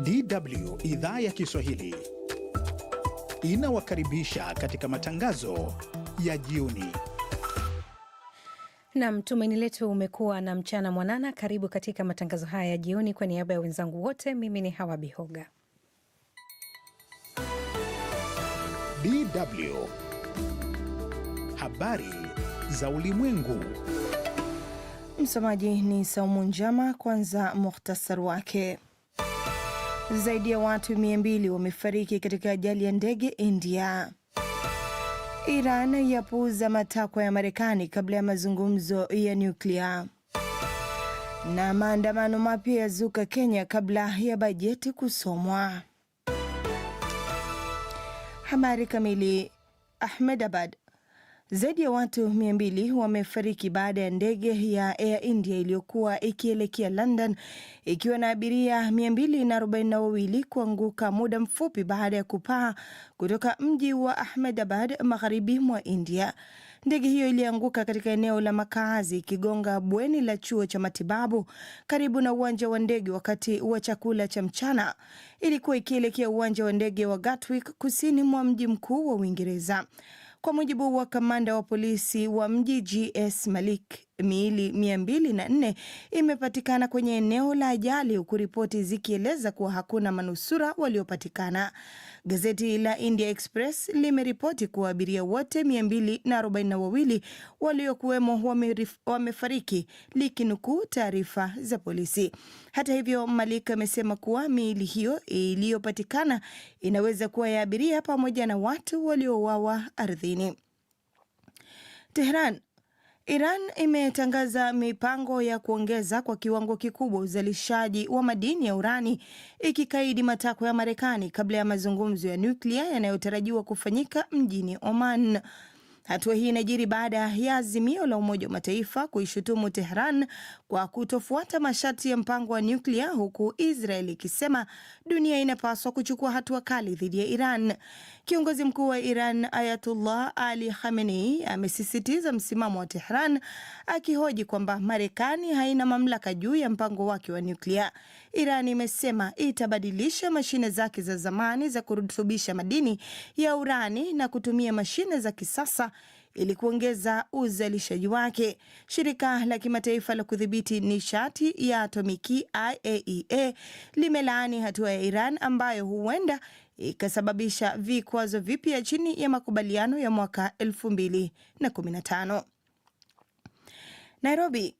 DW idhaa ya Kiswahili inawakaribisha katika matangazo ya jioni. Nam, tumaini letu umekuwa na mchana mwanana. Karibu katika matangazo haya ya jioni. Kwa niaba ya wenzangu wote, mimi ni Hawa Bihoga. DW habari za ulimwengu. Msomaji ni Saumu Njama. Kwanza muhtasari wake. Zaidi ya watu mia mbili wamefariki katika ajali ya ndege India. Iran yapuuza matakwa ya Marekani kabla ya mazungumzo ya nyuklia. Na maandamano mapya yazuka Kenya kabla ya bajeti kusomwa. Habari kamili. Ahmedabad zaidi ya watu mbili wamefariki baada ya ndege ya Air India iliyokuwa ikielekea London ikiwa na abiria wawili kuanguka muda mfupi baada ya kupaa kutoka mji wa Ahmedabad magharibi mwa India. Ndege hiyo ilianguka katika eneo la makaazi ikigonga bweni la chuo cha matibabu karibu na uwanja wa ndege wakati wa chakula cha mchana. Ilikuwa ikielekea uwanja wa ndege wa Gatwick kusini mwa mji mkuu wa Uingereza. Kwa mujibu wa kamanda wa polisi wa mji GS Malik miili 204 imepatikana kwenye eneo la ajali huku ripoti zikieleza kuwa hakuna manusura waliopatikana. Gazeti la India Express limeripoti kuwa abiria wote 242 waliokuwemo wamefariki, likinukuu taarifa za polisi. Hata hivyo, Malik amesema kuwa miili hiyo iliyopatikana inaweza kuwa ya abiria pamoja na watu waliouawa ardhini. Tehran Iran imetangaza mipango ya kuongeza kwa kiwango kikubwa uzalishaji wa madini ya urani ikikaidi matakwa ya Marekani kabla ya mazungumzo ya nyuklia yanayotarajiwa kufanyika mjini Oman. Hatua hii inajiri baada ya azimio la Umoja wa Mataifa kuishutumu Tehran kwa kutofuata masharti ya mpango wa nyuklia, huku Israel ikisema dunia inapaswa kuchukua hatua kali dhidi ya Iran. Kiongozi mkuu wa Iran Ayatullah Ali Khamenei amesisitiza msimamo wa Tehran akihoji kwamba Marekani haina mamlaka juu ya mpango wake wa nyuklia. Iran imesema itabadilisha mashine zake za zamani za kurutubisha madini ya urani na kutumia mashine za kisasa ili kuongeza uzalishaji wake. Shirika la kimataifa la kudhibiti nishati ya atomiki IAEA e limelaani hatua ya Iran ambayo huenda ikasababisha vikwazo vipya chini ya makubaliano ya mwaka 2015. Nairobi.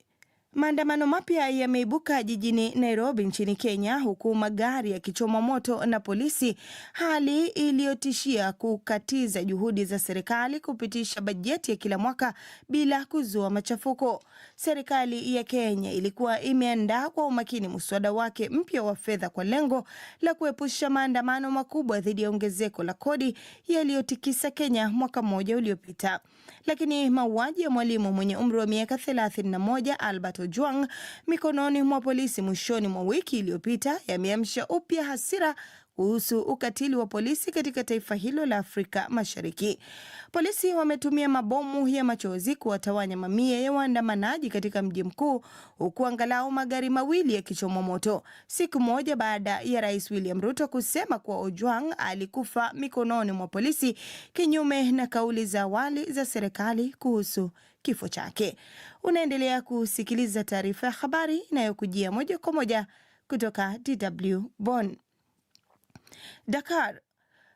Maandamano mapya yameibuka jijini Nairobi nchini Kenya huku magari yakichomwa moto na polisi, hali iliyotishia kukatiza juhudi za serikali kupitisha bajeti ya kila mwaka bila kuzua machafuko. Serikali ya Kenya ilikuwa imeandaa kwa umakini muswada wake mpya wa fedha kwa lengo la kuepusha maandamano makubwa dhidi ya ongezeko la kodi yaliyotikisa Kenya mwaka mmoja uliopita lakini mauaji ya mwalimu mwenye umri wa miaka 31 Albert Ojwang mikononi mwa polisi mwishoni mwa wiki iliyopita yameamsha upya hasira kuhusu ukatili wa polisi katika taifa hilo la Afrika Mashariki. Polisi wametumia mabomu ya machozi kuwatawanya mamia ya waandamanaji katika mji mkuu, huku angalau magari mawili yakichomwa moto, siku moja baada ya Rais William Ruto kusema kuwa Ojwang alikufa mikononi mwa polisi, kinyume na kauli za awali za serikali kuhusu kifo chake. Unaendelea kusikiliza taarifa ya habari inayokujia moja kwa moja kutoka DW Bonn. Dakar.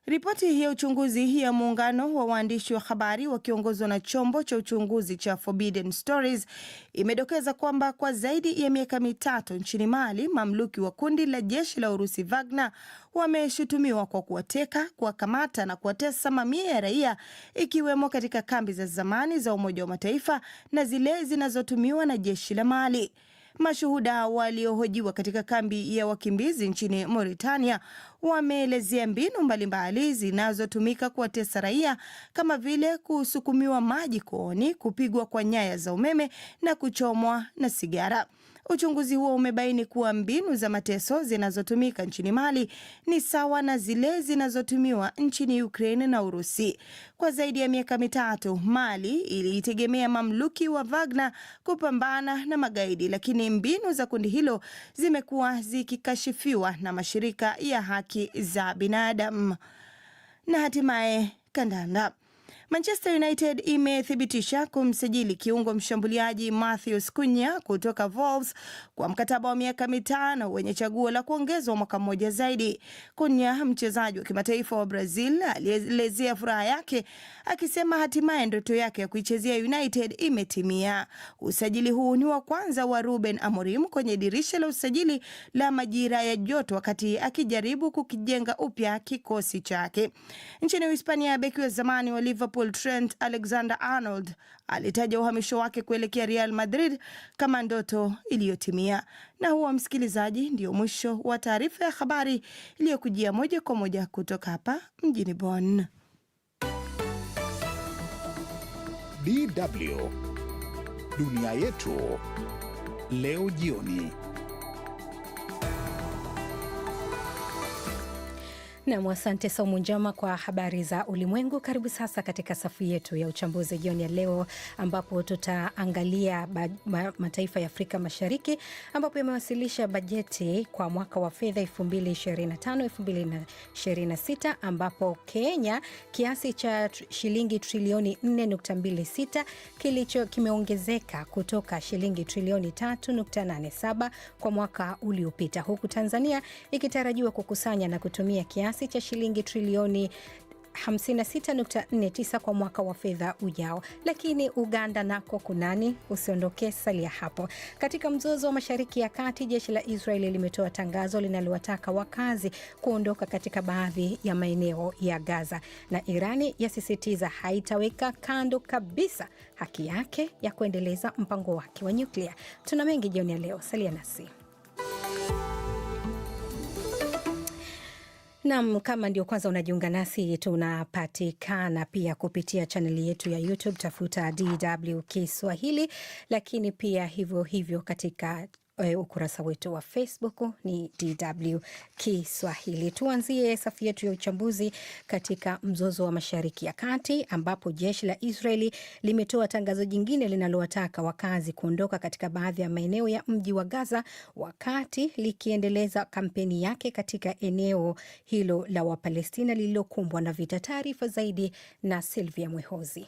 Ripoti hii ya uchunguzi hii ya muungano wa waandishi wa habari wakiongozwa na chombo cha uchunguzi cha Forbidden Stories imedokeza kwamba kwa zaidi ya miaka mitatu nchini Mali, mamluki wa kundi la jeshi la Urusi Wagner wameshutumiwa kwa kuwateka, kuwakamata na kuwatesa mamia ya raia, ikiwemo katika kambi za zamani za Umoja wa Mataifa na zile zinazotumiwa na jeshi la Mali. Mashuhuda waliohojiwa katika kambi ya wakimbizi nchini Mauritania wameelezea mbinu mbalimbali zinazotumika kuwatesa raia kama vile kusukumiwa maji kooni, kupigwa kwa nyaya za umeme na kuchomwa na sigara. Uchunguzi huo umebaini kuwa mbinu za mateso zinazotumika nchini Mali ni sawa na zile zinazotumiwa nchini Ukraine na Urusi. Kwa zaidi ya miaka mitatu, Mali iliitegemea mamluki wa Wagner kupambana na magaidi, lakini mbinu za kundi hilo zimekuwa zikikashifiwa na mashirika ya haki za binadamu. Na hatimaye kandanda. Manchester United imethibitisha kumsajili kiungo mshambuliaji Matheus Cunha kutoka Wolves kwa mkataba wa miaka mitano wenye chaguo la kuongezwa mwaka mmoja zaidi. Cunha, mchezaji wa kimataifa wa Brazil, alielezea furaha yake akisema hatimaye ndoto yake ya kuichezea United imetimia. Usajili huu ni wa kwanza wa Ruben Amorim kwenye dirisha la usajili la majira ya joto, wakati akijaribu kukijenga upya kikosi chake. Nchini Uhispania, beki wa zamani wa Liverpool Liverpool Trent Alexander-Arnold alitaja uhamisho wake kuelekea Real Madrid kama ndoto iliyotimia. Na huo, msikilizaji, ndio mwisho wa taarifa ya habari iliyokujia moja kwa moja kutoka hapa mjini Bonn. DW Dunia Yetu Leo Jioni. Nam, asante Saumu Njama kwa habari za ulimwengu. Karibu sasa katika safu yetu ya uchambuzi jioni ya leo, ambapo tutaangalia mataifa ya Afrika Mashariki ambapo yamewasilisha bajeti kwa mwaka wa fedha 2025 2026, ambapo Kenya kiasi cha shilingi trilioni 4.26 kilicho kimeongezeka kutoka shilingi trilioni 3.87 kwa mwaka uliopita, huku Tanzania ikitarajiwa kukusanya na kutumia kiasi kiasi cha shilingi trilioni 56.49 kwa mwaka wa fedha ujao. Lakini Uganda nako kunani? Usiondoke, salia hapo. Katika mzozo wa Mashariki ya Kati, jeshi la Israeli limetoa tangazo linalowataka wakazi kuondoka katika baadhi ya maeneo ya Gaza, na Irani yasisitiza haitaweka kando kabisa haki yake ya kuendeleza mpango wake wa nyuklia. Tuna mengi jioni ya leo, salia nasi. Nam, kama ndio kwanza unajiunga nasi, tunapatikana pia kupitia chaneli yetu ya YouTube, tafuta DW Kiswahili, lakini pia hivyo hivyo katika Eh, ukurasa wetu wa Facebook ni DW Kiswahili. Tuanzie safu yetu ya uchambuzi katika mzozo wa Mashariki ya Kati, ambapo jeshi la Israeli limetoa tangazo jingine linalowataka wakazi kuondoka katika baadhi ya maeneo ya mji wa Gaza, wakati likiendeleza kampeni yake katika eneo hilo la Wapalestina lililokumbwa na vita. Taarifa zaidi na Silvia Mwehozi.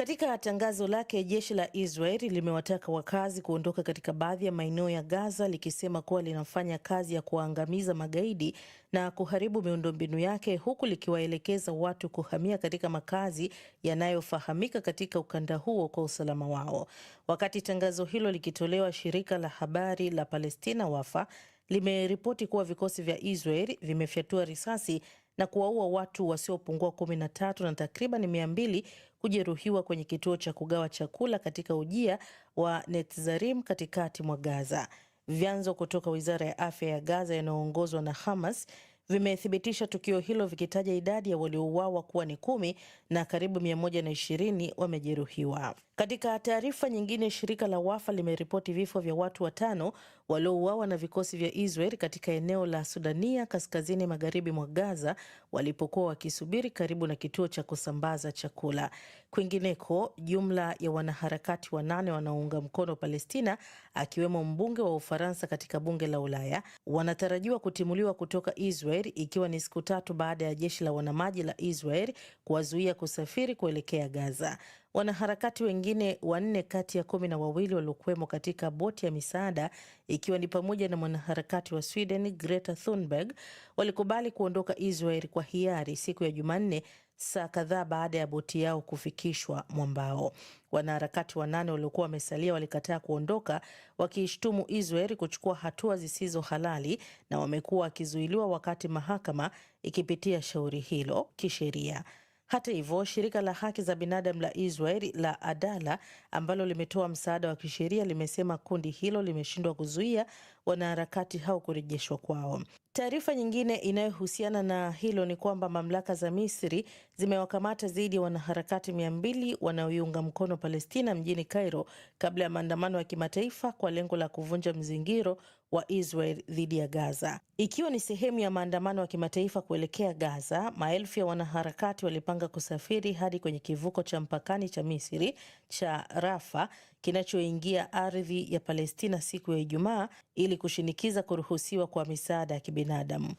Katika tangazo lake, jeshi la Israel limewataka wakazi kuondoka katika baadhi ya maeneo ya Gaza likisema kuwa linafanya kazi ya kuwaangamiza magaidi na kuharibu miundombinu yake huku likiwaelekeza watu kuhamia katika makazi yanayofahamika katika ukanda huo kwa usalama wao. Wakati tangazo hilo likitolewa, shirika la habari la Palestina Wafa limeripoti kuwa vikosi vya Israel vimefyatua risasi na kuwaua watu wasiopungua 13 na takriban 200 kujeruhiwa kwenye kituo cha kugawa chakula katika ujia wa Netzarim katikati mwa Gaza. Vyanzo kutoka wizara ya afya ya Gaza yanayoongozwa na Hamas vimethibitisha tukio hilo vikitaja idadi ya waliouawa kuwa ni kumi na karibu 120 wamejeruhiwa. Katika taarifa nyingine, shirika la Wafa limeripoti vifo vya watu watano waliouawa na vikosi vya Israel katika eneo la Sudania kaskazini magharibi mwa Gaza walipokuwa wakisubiri karibu na kituo cha kusambaza chakula. Kwingineko, jumla ya wanaharakati wanane wanaounga mkono Palestina, akiwemo mbunge wa Ufaransa katika bunge la Ulaya, wanatarajiwa kutimuliwa kutoka Israel ikiwa ni siku tatu baada ya jeshi la wanamaji la Israel kuwazuia kusafiri kuelekea Gaza. Wanaharakati wengine wanne kati ya kumi na wawili waliokuwemo katika boti ya misaada ikiwa ni pamoja na mwanaharakati wa Sweden Greta Thunberg walikubali kuondoka Israel kwa hiari siku ya Jumanne, saa kadhaa baada ya boti yao kufikishwa mwambao. Wanaharakati wanane waliokuwa wamesalia walikataa kuondoka, wakiishtumu Israel kuchukua hatua zisizo halali, na wamekuwa wakizuiliwa wakati mahakama ikipitia shauri hilo kisheria. Hata hivyo, shirika la haki za binadamu la Israel la Adala ambalo limetoa msaada wa kisheria limesema kundi hilo limeshindwa kuzuia wanaharakati hao kurejeshwa kwao. Taarifa nyingine inayohusiana na hilo ni kwamba mamlaka za Misri zimewakamata zaidi ya wanaharakati mia mbili wanaoiunga mkono Palestina mjini Cairo kabla ya maandamano ya kimataifa kwa lengo la kuvunja mzingiro wa Israel dhidi ya Gaza. Ikiwa ni sehemu ya maandamano ya kimataifa kuelekea Gaza, maelfu ya wanaharakati walipanga kusafiri hadi kwenye kivuko cha mpakani cha Misri cha Rafa kinachoingia ardhi ya Palestina siku ya Ijumaa ili kushinikiza kuruhusiwa kwa misaada ya kibinadamu.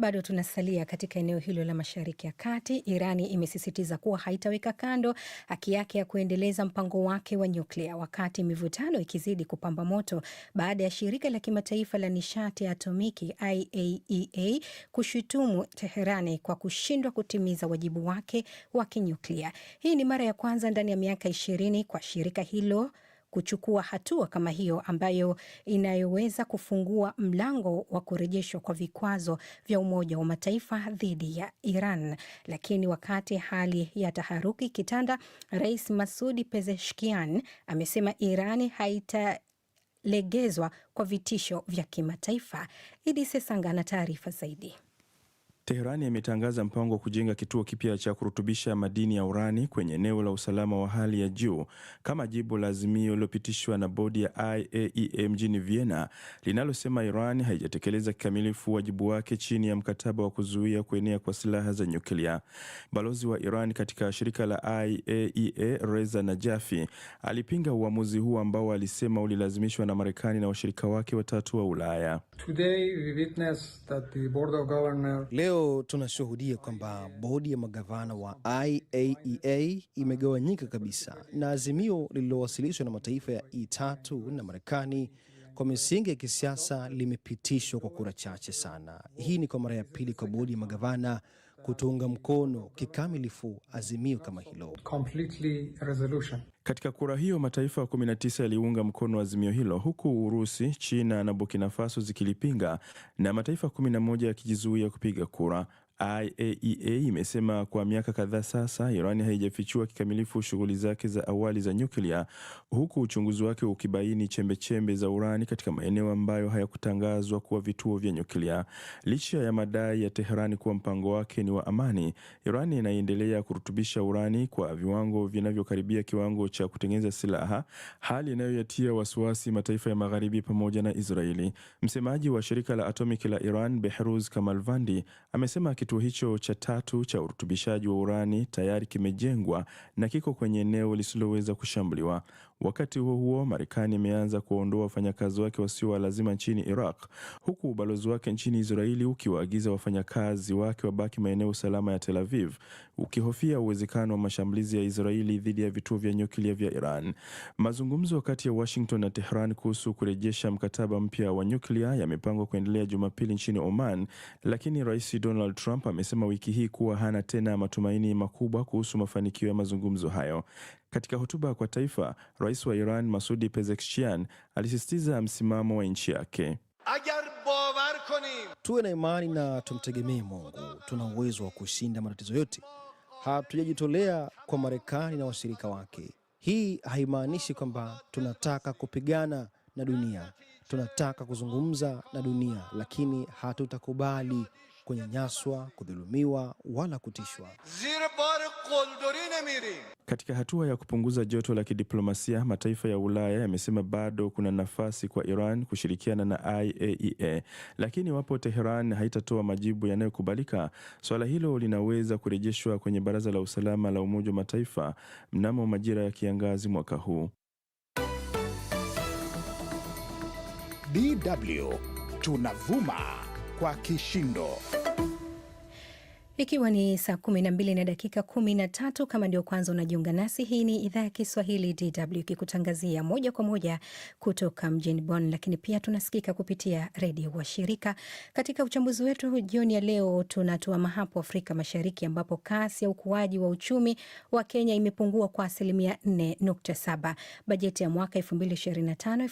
Bado tunasalia katika eneo hilo la Mashariki ya Kati. Irani imesisitiza kuwa haitaweka kando haki yake ya kuendeleza mpango wake wa nyuklia, wakati mivutano ikizidi kupamba moto baada ya shirika la kimataifa la nishati ya atomiki IAEA e kushutumu Teherani kwa kushindwa kutimiza wajibu wake wa kinyuklia. Hii ni mara ya kwanza ndani ya miaka ishirini kwa shirika hilo kuchukua hatua kama hiyo ambayo inayoweza kufungua mlango wa kurejeshwa kwa vikwazo vya Umoja wa Mataifa dhidi ya Iran. Lakini wakati hali ya taharuki kitanda, Rais Masudi Pezeshkian amesema Irani haitalegezwa kwa vitisho vya kimataifa. Idi Sesanga na taarifa zaidi. Teherani imetangaza mpango wa kujenga kituo kipya cha kurutubisha madini ya urani kwenye eneo la usalama wa hali ya juu kama jibu la azimio lililopitishwa na bodi ya IAEA e mjini Vienna linalosema Iran haijatekeleza kikamilifu wajibu wake chini ya mkataba wa kuzuia kuenea kwa silaha za nyuklia. Balozi wa Iran katika shirika la IAEA e Reza Najafi alipinga uamuzi huu ambao alisema ulilazimishwa na Marekani na washirika wake watatu wa Ulaya. Today we witness that the Board of Governor... Leo tunashuhudia kwamba bodi ya magavana wa IAEA e imegawanyika kabisa na azimio lililowasilishwa na mataifa ya E3 na Marekani kwa misingi ya kisiasa limepitishwa kwa kura chache sana. Hii ni kwa mara ya pili kwa bodi ya magavana kutuunga mkono kikamilifu azimio kama hilo. Katika kura hiyo mataifa 19 yaliunga mkono azimio hilo, huku Urusi, China na Burkina Faso zikilipinga na mataifa 11 yakijizuia kupiga kura. IAEA e imesema kwa miaka kadhaa sasa Iran haijafichua kikamilifu shughuli zake za awali za nyuklia, huku uchunguzi wake ukibaini chembechembe za urani katika maeneo ambayo hayakutangazwa kuwa vituo vya nyuklia. Licha ya madai ya Teherani kuwa mpango wake ni wa amani, Iran inaendelea kurutubisha urani kwa viwango vinavyokaribia kiwango cha kutengeneza silaha, hali inayoyatia wasiwasi mataifa ya Magharibi pamoja na Israeli. Msemaji wa shirika la atomic la Iran Behruz Kamalvandi amesema Kituo hicho cha tatu cha urutubishaji wa urani tayari kimejengwa na kiko kwenye eneo lisiloweza kushambuliwa. Wakati huo huo, Marekani imeanza kuwaondoa wafanyakazi wake wasio wa lazima nchini Iraq, huku ubalozi wake nchini Israeli ukiwaagiza wafanyakazi wake wabaki maeneo salama ya Tel Aviv, ukihofia uwezekano wa mashambulizi ya Israeli dhidi ya vituo vya nyuklia vya Iran. Mazungumzo kati ya Washington na Tehran kuhusu kurejesha mkataba mpya wa nyuklia yamepangwa kuendelea Jumapili nchini Oman, lakini Rais Donald Trump amesema wiki hii kuwa hana tena matumaini makubwa kuhusu mafanikio ya mazungumzo hayo. Katika hotuba kwa taifa, rais wa Iran Masudi Pezeshkian alisisitiza msimamo wa nchi yake. Tuwe na imani na tumtegemee Mungu, tuna uwezo wa kushinda matatizo yote. Hatujajitolea kwa Marekani na washirika wake. Hii haimaanishi kwamba tunataka kupigana na dunia, tunataka kuzungumza na dunia, lakini hatutakubali kunyanyaswa, kudhulumiwa wala kutishwa. Katika hatua ya kupunguza joto la kidiplomasia, mataifa ya Ulaya yamesema bado kuna nafasi kwa Iran kushirikiana na IAEA, e lakini iwapo Teheran haitatoa majibu yanayokubalika, swala hilo linaweza kurejeshwa kwenye Baraza la Usalama la Umoja wa Mataifa mnamo majira ya kiangazi mwaka huu. DW tunavuma kwa kishindo. Ikiwa ni saa kumi na dakika tatu kama ndio kwanza unajiunga nasi, hii ni idhaa ya Kiswahili DW ikikutangazia moja kwa moja kutoka mjini Bonn, lakini pia tunasikika kupitia redio wa shirika. Katika uchambuzi wetu jioni ya leo, tunatuama hapo Afrika Mashariki ambapo kasi ya ukuaji wa uchumi wa Kenya imepungua kwa asilimia 4.7. Bajeti ya mwaka 2025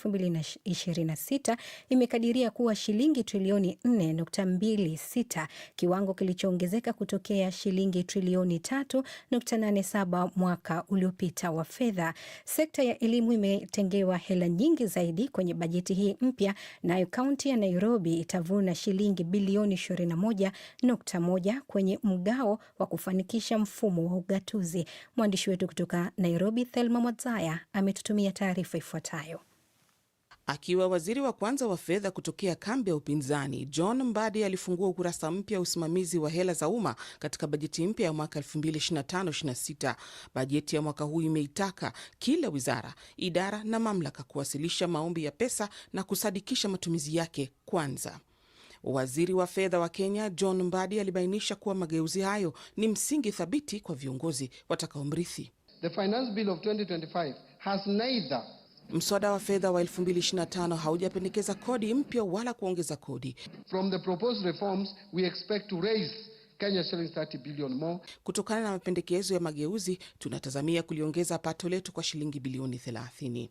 2026 imekadiria kuwa shilingi trilioni 4.26, kiwango kilichoongezeka kutokea shilingi trilioni 3.87 mwaka uliopita wa fedha. Sekta ya elimu imetengewa hela nyingi zaidi kwenye bajeti hii mpya, nayo kaunti ya Nairobi itavuna shilingi bilioni 21.1 kwenye mgao wa kufanikisha mfumo wa ugatuzi. Mwandishi wetu kutoka Nairobi, Thelma Mwadzaya, ametutumia taarifa ifuatayo. Akiwa waziri wa kwanza wa fedha kutokea kambi ya upinzani, John Mbadi alifungua ukurasa mpya usimamizi wa hela za umma katika bajeti mpya ya mwaka 2025/26. Bajeti ya mwaka huu imeitaka kila wizara, idara na mamlaka kuwasilisha maombi ya pesa na kusadikisha matumizi yake kwanza. Waziri wa fedha wa Kenya John Mbadi alibainisha kuwa mageuzi hayo ni msingi thabiti kwa viongozi watakaomrithi. The finance bill of 2025 has neither Mswada wa fedha wa 2025 haujapendekeza kodi mpya wala kuongeza kodi. From the proposed reforms, we expect to raise Kenya shillings 30 billion more. Kutokana na mapendekezo ya mageuzi, tunatazamia kuliongeza pato letu kwa shilingi bilioni 30.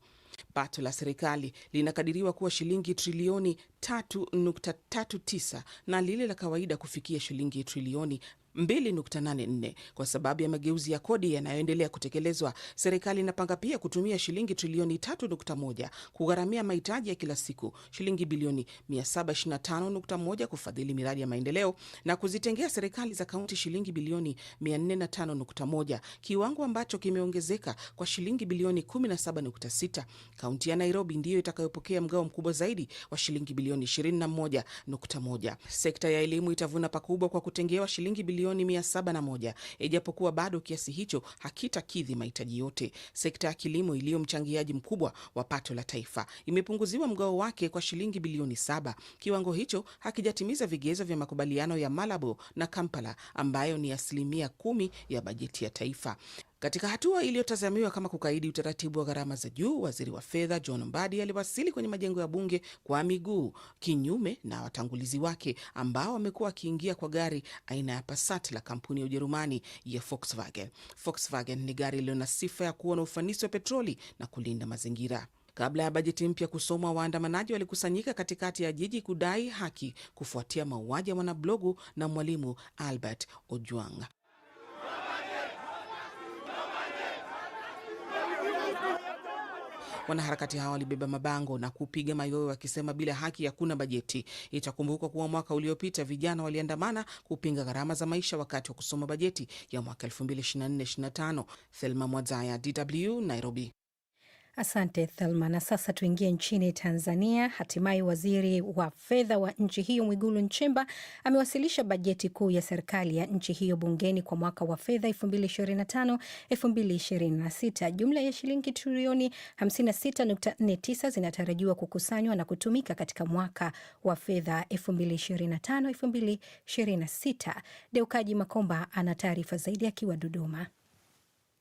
Pato la serikali linakadiriwa kuwa shilingi trilioni 3.39 na lile la kawaida kufikia shilingi trilioni 2.84 kwa sababu ya mageuzi ya kodi yanayoendelea kutekelezwa. Serikali inapanga pia kutumia shilingi trilioni 3.1 kugharamia mahitaji ya kila siku, shilingi bilioni 725.1 kufadhili miradi ya maendeleo na kuzitengea serikali za kaunti shilingi bilioni 405.1, kiwango ambacho kimeongezeka kwa shilingi bilioni 17.6. Kaunti ya Nairobi ndiyo itakayopokea mgao mkubwa zaidi wa shilingi bilioni 21.1. Sekta ya elimu itavuna pakubwa kwa kutengewa shilingi bilioni milioni 701, ijapokuwa bado kiasi hicho hakitakidhi mahitaji yote. Sekta ya kilimo iliyo mchangiaji mkubwa wa pato la taifa imepunguziwa mgao wake kwa shilingi bilioni saba. Kiwango hicho hakijatimiza vigezo vya makubaliano ya Malabo na Kampala ambayo ni asilimia kumi ya bajeti ya taifa. Katika hatua iliyotazamiwa kama kukaidi utaratibu wa gharama za juu, waziri wa fedha John Mbadi aliwasili kwenye majengo ya bunge kwa miguu, kinyume na watangulizi wake ambao wamekuwa wakiingia kwa gari aina ya Passat la kampuni ya Ujerumani ya Volkswagen. Volkswagen ni gari iliyo na sifa ya kuwa na ufanisi wa petroli na kulinda mazingira. Kabla ya bajeti mpya kusomwa, waandamanaji walikusanyika katikati ya jiji kudai haki kufuatia mauaji ya mwanablogu na mwalimu Albert Ojwang. Wanaharakati hawa walibeba mabango na kupiga mayowe wakisema bila haki hakuna bajeti. Itakumbukwa kuwa mwaka uliopita vijana waliandamana kupinga gharama za maisha wakati wa kusoma bajeti ya mwaka 2024/25. Thelma Mwadzaya, DW, Nairobi. Asante Thelma. Na sasa tuingie nchini Tanzania. Hatimaye waziri wa fedha wa nchi hiyo Mwigulu Nchemba amewasilisha bajeti kuu ya serikali ya nchi hiyo bungeni kwa mwaka wa fedha 2025 2026. Jumla ya shilingi trilioni 56.49 zinatarajiwa kukusanywa na kutumika katika mwaka wa fedha 2025 2026. Deukaji Makomba ana taarifa zaidi akiwa Dodoma.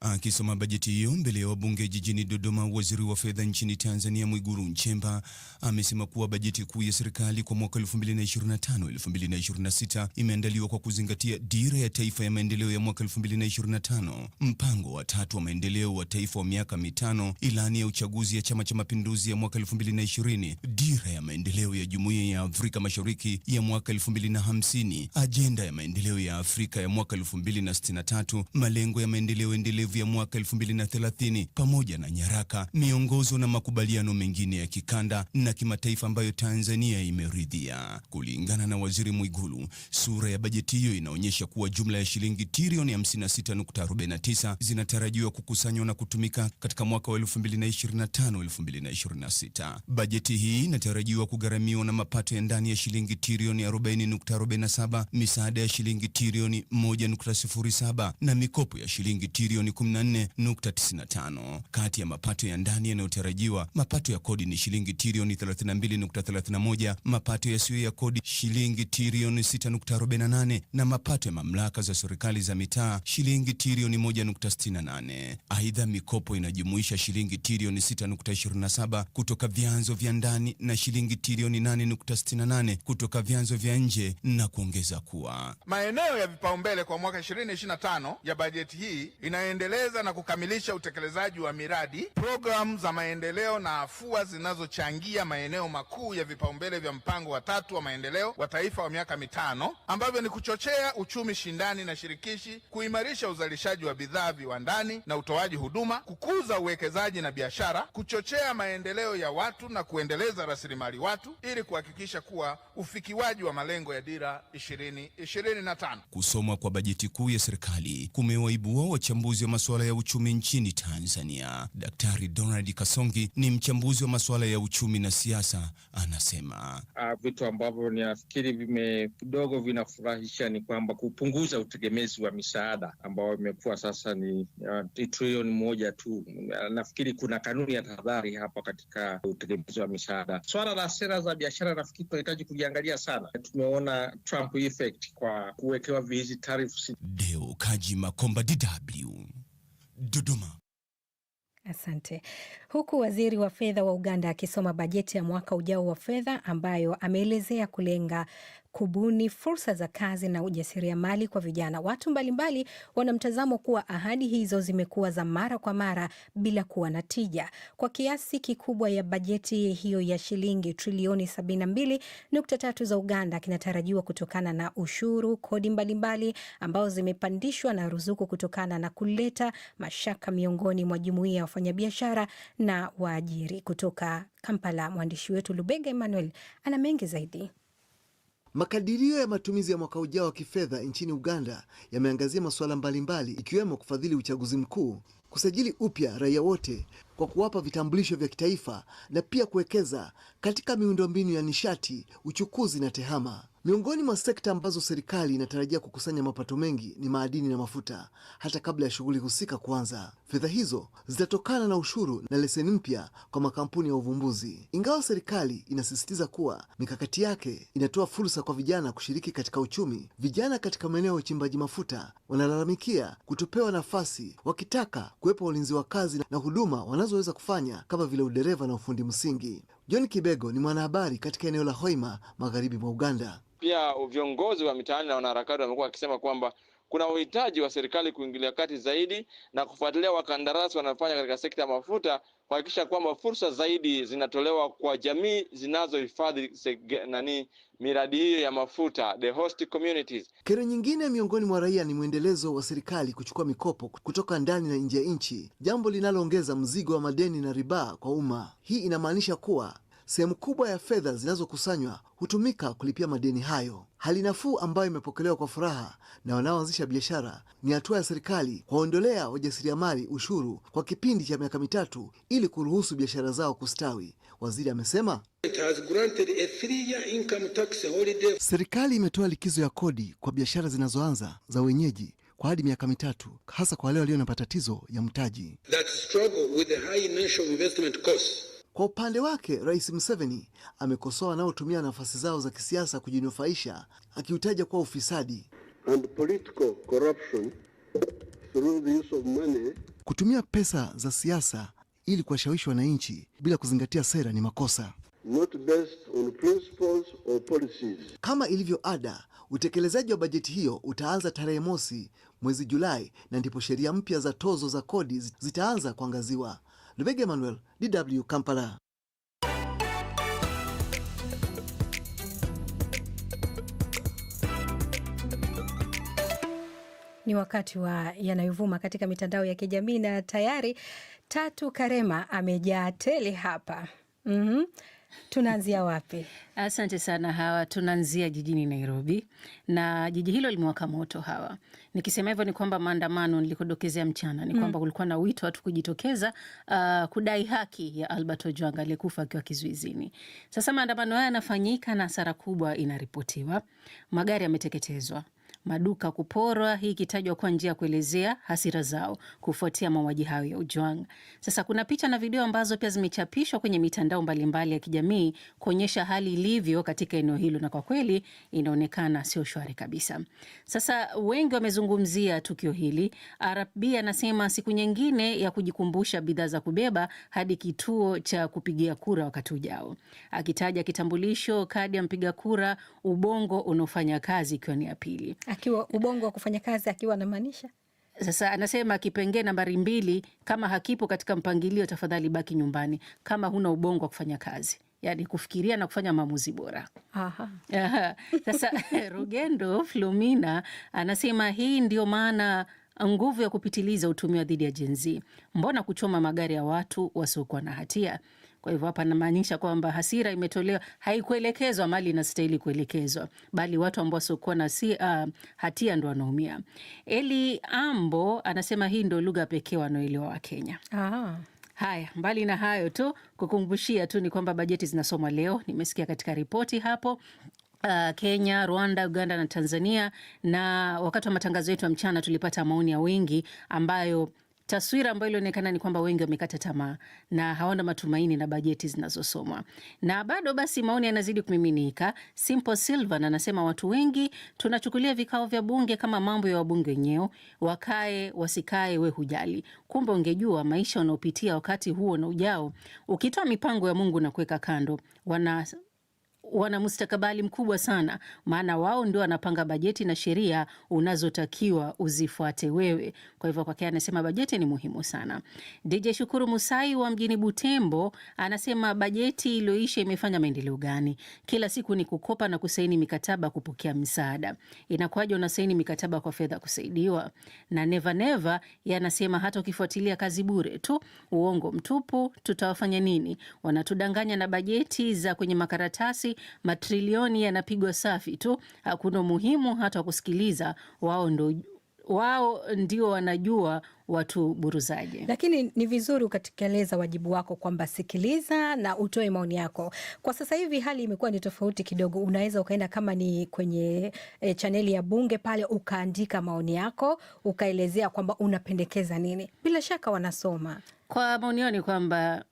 Akisoma bajeti hiyo mbele ya wabunge jijini Dodoma, waziri wa fedha nchini Tanzania Mwigulu Nchemba amesema kuwa bajeti kuu ya serikali kwa mwaka 2025-2026 imeandaliwa kwa kuzingatia dira ya taifa ya maendeleo ya mwaka 2025, mpango wa tatu wa maendeleo wa taifa wa miaka mitano, ilani ya uchaguzi ya Chama cha Mapinduzi ya mwaka 2020, dira ya maendeleo ya Jumuiya ya Afrika Mashariki ya mwaka 2050, ajenda ya maendeleo ya Afrika ya mwaka 2063, malengo ya maendeleo endelevu vya mwaka 2030 pamoja na nyaraka, miongozo na makubaliano mengine ya kikanda na kimataifa ambayo Tanzania imeridhia. Kulingana na Waziri Mwigulu, sura ya bajeti hiyo inaonyesha kuwa jumla ya shilingi trilioni 56.49 zinatarajiwa kukusanywa na kutumika katika mwaka wa 2025-2026. Bajeti hii inatarajiwa kugharamiwa na mapato ya ndani ya shilingi trilioni 40.47, misaada ya shilingi trilioni 1.07 na mikopo ya shilingi trilioni 14.95. Kati ya mapato ya ndani yanayotarajiwa, mapato ya kodi ni shilingi trilioni 32.31, mapato yasiyo ya kodi shilingi trilioni 6.48 na mapato ya mamlaka za serikali za mitaa shilingi trilioni 1.68. Aidha, mikopo inajumuisha shilingi trilioni 6.27 kutoka vyanzo vya ndani na shilingi trilioni 8.68 kutoka vyanzo vya nje na kuongeza kuwa maeneo ya vipaumbele kwa mwaka 2025 ya bajeti hii inaendelea kuendeleza na kukamilisha utekelezaji wa miradi, programu za maendeleo na afua zinazochangia maeneo makuu ya vipaumbele vya mpango wa tatu wa maendeleo wa taifa wa miaka mitano ambavyo ni kuchochea uchumi shindani na shirikishi, kuimarisha uzalishaji wa bidhaa viwandani na utoaji huduma, kukuza uwekezaji na biashara, kuchochea maendeleo ya watu na kuendeleza rasilimali watu ili kuhakikisha kuwa ufikiwaji wa malengo ya dira 2025. Kusoma kwa bajeti kuu ya serikali kumewaibua wachambuzi wa masuala ya uchumi nchini Tanzania. Daktari Donald Kasongi ni mchambuzi wa masuala ya uchumi na siasa, anasema ah, vitu ambavyo ninafikiri vime kidogo vinafurahisha ni kwamba kupunguza utegemezi wa misaada ambao imekuwa sasa ni uh, trilioni moja tu. Nafikiri kuna kanuni ya tahadhari hapa katika utegemezi wa misaada. Swala la sera za biashara nafikiri tunahitaji kuliangalia sana. Tumeona Trump effect kwa kuwekewa vihizi tarifu. Deo Kaji Makomba, DW. Dodoma. Asante. Huku waziri wa fedha wa Uganda akisoma bajeti ya mwaka ujao wa fedha ambayo ameelezea kulenga kubuni fursa za kazi na ujasiriamali kwa vijana. Watu mbalimbali wana mtazamo kuwa ahadi hizo zimekuwa za mara kwa mara bila kuwa na tija. Kwa kiasi kikubwa ya bajeti hiyo ya shilingi trilioni 72.3 za Uganda kinatarajiwa kutokana na ushuru, kodi mbalimbali ambao zimepandishwa na ruzuku kutokana na kuleta mashaka miongoni mwa jumuiya ya wafanyabiashara na waajiri. Kutoka Kampala, mwandishi wetu Lubega Emmanuel ana mengi zaidi. Makadirio ya matumizi ya mwaka ujao wa kifedha nchini Uganda yameangazia masuala mbalimbali ikiwemo kufadhili uchaguzi mkuu, kusajili upya raia wote kwa kuwapa vitambulisho vya kitaifa na pia kuwekeza katika miundombinu ya nishati, uchukuzi na tehama. Miongoni mwa sekta ambazo serikali inatarajia kukusanya mapato mengi ni madini na mafuta, hata kabla ya shughuli husika kuanza. Fedha hizo zitatokana na ushuru na leseni mpya kwa makampuni ya uvumbuzi. Ingawa serikali inasisitiza kuwa mikakati yake inatoa fursa kwa vijana kushiriki katika uchumi, vijana katika maeneo ya uchimbaji mafuta wanalalamikia kutopewa nafasi, wakitaka kuwepo ulinzi wa kazi na huduma wanazoweza kufanya kama vile udereva na ufundi msingi. John Kibego ni mwanahabari katika eneo la Hoima, magharibi mwa Uganda pia viongozi wa mitaani na wanaharakati wamekuwa wakisema kwamba kuna uhitaji wa serikali kuingilia kati zaidi na kufuatilia wakandarasi wanaofanya katika sekta ya mafuta kuhakikisha kwamba fursa zaidi zinatolewa kwa jamii zinazohifadhi nani miradi hiyo ya mafuta the host communities. Kero nyingine miongoni mwa raia ni mwendelezo wa serikali kuchukua mikopo kutoka ndani na nje ya nchi, jambo linaloongeza mzigo wa madeni na riba kwa umma. Hii inamaanisha kuwa Sehemu kubwa ya fedha zinazokusanywa hutumika kulipia madeni hayo. Hali nafuu ambayo imepokelewa kwa furaha na wanaoanzisha biashara ni hatua ya serikali kuwaondolea wajasiriamali ushuru kwa kipindi cha miaka mitatu ili kuruhusu biashara zao kustawi. Waziri amesema serikali imetoa likizo ya kodi kwa biashara zinazoanza za wenyeji kwa hadi miaka mitatu, hasa kwa wale walio na matatizo ya mtaji. Kwa upande wake, Rais Museveni amekosoa wanaotumia nafasi zao za kisiasa kujinufaisha, akiutaja kuwa ufisadi and political corruption through the use of money. Kutumia pesa za siasa ili kuwashawishi wananchi bila kuzingatia sera ni makosa. Not based on principles or policies. Kama ilivyo ada, utekelezaji wa bajeti hiyo utaanza tarehe mosi mwezi Julai na ndipo sheria mpya za tozo za kodi zitaanza kuangaziwa. Lubega Emmanuel, DW Kampala. Ni wakati wa yanayovuma katika mitandao ya kijamii na tayari Tatu Karema amejaa tele hapa. mm -hmm tunaanzia wapi? Asante sana Hawa, tunaanzia jijini Nairobi na jiji hilo limewaka moto Hawa. Nikisema hivyo ni kwamba maandamano nilikodokezea mchana ni mm. kwamba kulikuwa na wito watu kujitokeza uh, kudai haki ya Albert Ojwanga aliyekufa akiwa kizuizini. Sasa maandamano haya yanafanyika na hasara kubwa inaripotiwa, magari yameteketezwa maduka kuporwa, hii ikitajwa kuwa njia ya kuelezea hasira zao kufuatia mauaji hayo ya Ojwang. Sasa kuna picha na video ambazo pia zimechapishwa kwenye mitandao mbalimbali ya kijamii kuonyesha hali ilivyo katika eneo hilo, na kwa kweli inaonekana sio shwari kabisa. Sasa wengi wamezungumzia tukio hili. RB anasema siku nyingine ya kujikumbusha bidhaa za kubeba hadi kituo cha kupigia kura wakati ujao, akitaja kitambulisho, kadi ya mpiga kura, ubongo unaofanya kazi ikiwa ni ya pili akiwa ubongo wa kufanya kazi akiwa anamaanisha sasa anasema kipengee nambari mbili, kama hakipo katika mpangilio, tafadhali baki nyumbani kama huna ubongo wa kufanya kazi, yani kufikiria na kufanya maamuzi bora. Aha. Aha. Sasa Rugendo Flumina anasema hii ndio maana nguvu ya kupitiliza hutumiwa dhidi ya jenzi. Mbona kuchoma magari ya watu wasiokuwa na hatia? Kwa hivyo hapa namaanisha kwamba hasira imetolewa, haikuelekezwa mali inastahili kuelekezwa, bali watu ambao wasiokuwa na si, uh, hatia ndo wanaumia. Eli Ambo anasema hii ndo lugha pekee wanaoelewa Wakenya. Aha. Haya, mbali na hayo tu kukumbushia tu ni kwamba bajeti zinasomwa leo, nimesikia katika ripoti hapo ah, Kenya, Rwanda, Uganda na Tanzania. Na wakati wa matangazo yetu ya mchana tulipata maoni ya wengi ambayo Taswira ambayo ilionekana ni kwamba wengi wamekata tamaa na hawana matumaini na bajeti zinazosomwa, na bado basi maoni yanazidi kumiminika. Simple na anasema watu wengi tunachukulia vikao vya bunge kama mambo ya wabunge wenyewe, wakae wasikae, we hujali. Kumbe ungejua maisha unaopitia wakati huo na ujao. Ukitoa mipango ya Mungu na kuweka kando, wana wana mustakabali mkubwa sana, maana wao ndio wanapanga bajeti na sheria unazotakiwa uzifuate wewe. Kwa hivyo kwake anasema bajeti ni muhimu sana. DJ Shukuru Musai wa mjini Butembo anasema bajeti iliyoisha imefanya maendeleo gani? Kila siku ni kukopa na kusaini mikataba kupokea msaada. Inakuwaje unasaini mikataba kwa fedha kusaidiwa? Na Neva Neva yanasema hata ukifuatilia kazi bure tu, uongo mtupu. Tutawafanya nini? Wanatudanganya na bajeti za kwenye makaratasi matrilioni yanapigwa safi tu, hakuna umuhimu hata wa kusikiliza. Wao ndo wao ndio wanajua watu buruzaje. Lakini ni vizuri ukatekeleza wajibu wako kwamba sikiliza na utoe maoni yako. Kwa sasa hivi hali imekuwa ni tofauti kidogo, unaweza ukaenda kama ni kwenye e, eh, chaneli ya Bunge pale ukaandika maoni yako, ukaelezea kwamba unapendekeza nini. Bila shaka wanasoma. Kwa maoni yao ni kwamba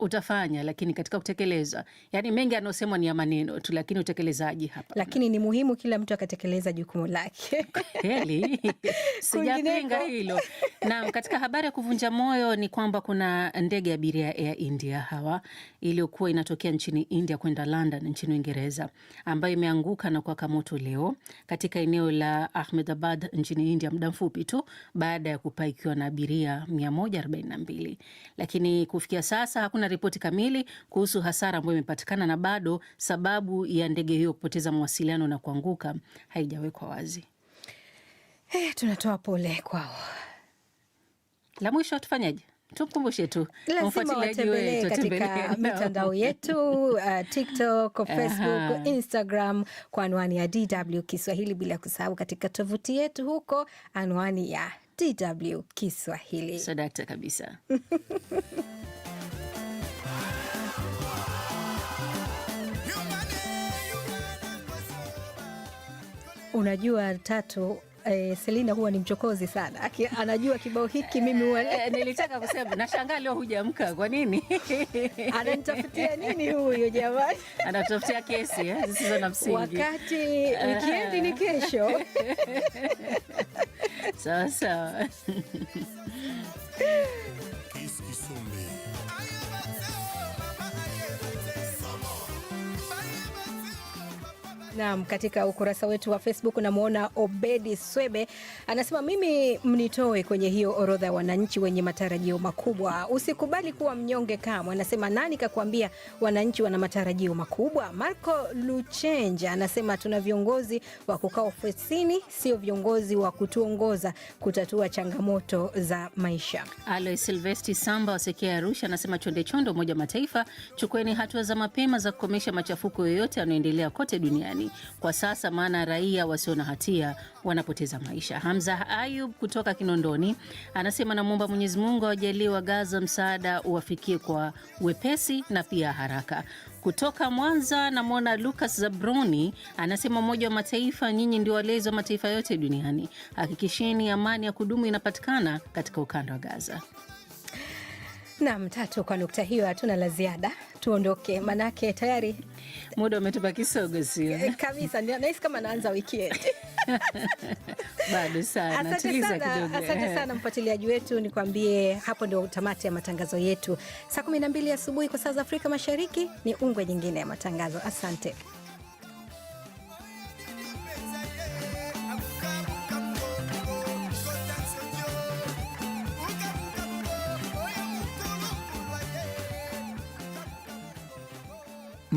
utafanya lakini katika kutekeleza, yani mengi yanayosemwa ni ya maneno tu, lakini utekelezaji hapa. Lakini ni muhimu kila mtu akatekeleza jukumu lake. Kweli sijapenga hilo. Naam, katika habari ya kuvunja moyo ni kwamba kuna ndege ya abiria ya Air India hawa iliyokuwa inatokea nchini India kwenda London nchini Uingereza ambayo imeanguka na kuwaka moto leo katika eneo la Ahmedabad nchini India muda mfupi tu baada ya kupaikiwa na abiria 142 lakini kufikia sasa hakuna ripoti kamili kuhusu hasara ambayo imepatikana na bado sababu ya ndege hiyo kupoteza mawasiliano na kuanguka haijawekwa wazi. Hey, eh, tunatoa pole kwao. La mwisho tufanyaje? Tukumbushe tu lazima watembelee katika mitandao yetu uh, TikTok, Facebook, -huh. Instagram kwa anwani ya DW Kiswahili, bila kusahau katika tovuti yetu huko anwani ya DW Kiswahili. Sadakta kabisa. Unajua Tatu eh, Selina huwa ni mchokozi sana Aki, anajua kibao hiki mimi huwa eh, eh, nilitaka kusema nashangaa leo hujamka kwa nini? ananitafutia nini huyo jamani? anatafutia kesi eh, zisizo na msingi wakati wikendi eh. ni kesho. sawa sawa Naam, katika ukurasa wetu wa Facebook namwona Obedi Swebe anasema, mimi mnitoe kwenye hiyo orodha ya wananchi wenye matarajio makubwa. Usikubali kuwa mnyonge kamwe, anasema nani kakuambia wananchi wana matarajio makubwa? Marco Luchenja anasema tuna viongozi wa kukaa ofisini, sio viongozi wa kutuongoza kutatua changamoto za maisha. Alo Silvesti Samba wasekea Arusha anasema, chonde chonde, Umoja Mataifa, chukueni hatua za mapema za kukomesha machafuko yoyote yanayoendelea kote duniani. Marekani kwa sasa, maana raia wasio na hatia wanapoteza maisha. Hamza Ayub kutoka Kinondoni anasema namwomba Mwenyezi Mungu awajalie wa Gaza msaada uwafikie kwa wepesi na pia haraka. Kutoka Mwanza namwona Lucas Zabroni anasema Umoja wa Mataifa, nyinyi ndio walezi wa mataifa yote duniani, hakikisheni amani ya kudumu inapatikana katika ukanda wa Gaza. Nam tatu kwa nukta hiyo, hatuna la ziada, tuondoke manake tayari muda umetupa kisogo, sio eh, kabisa. Nahisi kama naanza wikendi bado sana. Asante sana, asante eh. sana mfuatiliaji wetu, nikuambie hapo ndio tamati ya matangazo yetu saa 12 asubuhi kwa saa za Afrika Mashariki. Ni ungwe nyingine ya matangazo. Asante.